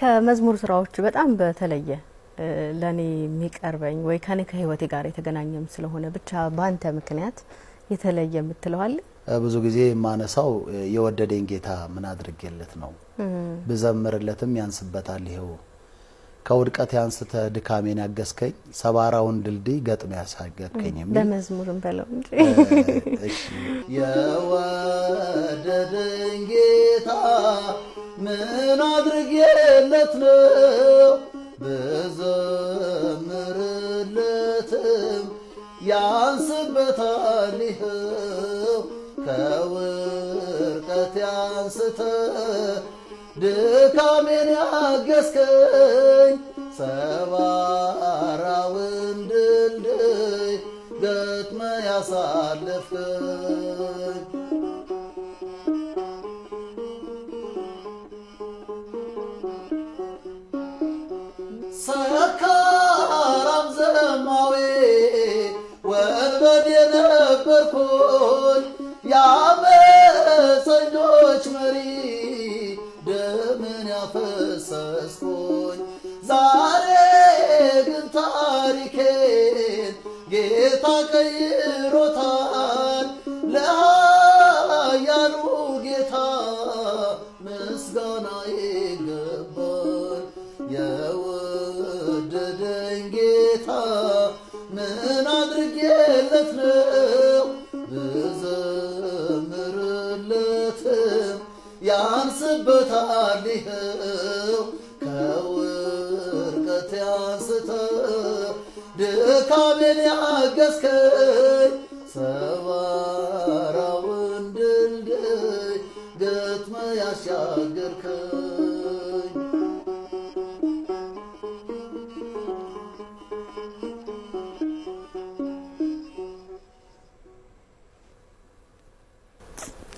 ከመዝሙር ስራዎች በጣም በተለየ ለእኔ የሚቀርበኝ ወይ ከኔ ከህይወቴ ጋር የተገናኘም ስለሆነ ብቻ በአንተ ምክንያት የተለየ የምትለዋል። ብዙ ጊዜ የማነሳው የወደደኝ ጌታ ምን አድርጌለት ነው ብዘምርለትም ያንስበታል። ይኸው ከውድቀት ያንስተ ድካሜን ያገዝከኝ ሰባራውን ድልድይ ገጥሞ ያሳገድከኝ የሚል በመዝሙርም በለው እንጂ ዘምርለት ነው በዘምርለትም ያንስበታል ይኸው ከውርቀት ያንስተ ድካሜን ያገዝከኝ ሰባራውን ድልድይ ገጥመ ያሳለፍከኝ ነበርኩን የአመፀኞች መሪ ደምን ያፈሰስኩኝ ዛሬ ግን ታሪኬን ጌታ ቀይሮታል። ለያሉ ጌታ ምስጋና ይገባል። የወደደኝ ጌታ ምን አድርጌለት ነው? ብዘምርለትም ያንስበታል ይኸው ከውድቀት ያንስተ ድካሜን ያገዝከኝ ሰባራውን ድልድይ ገጥመ ያሻገርከኝ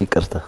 ይቅርታ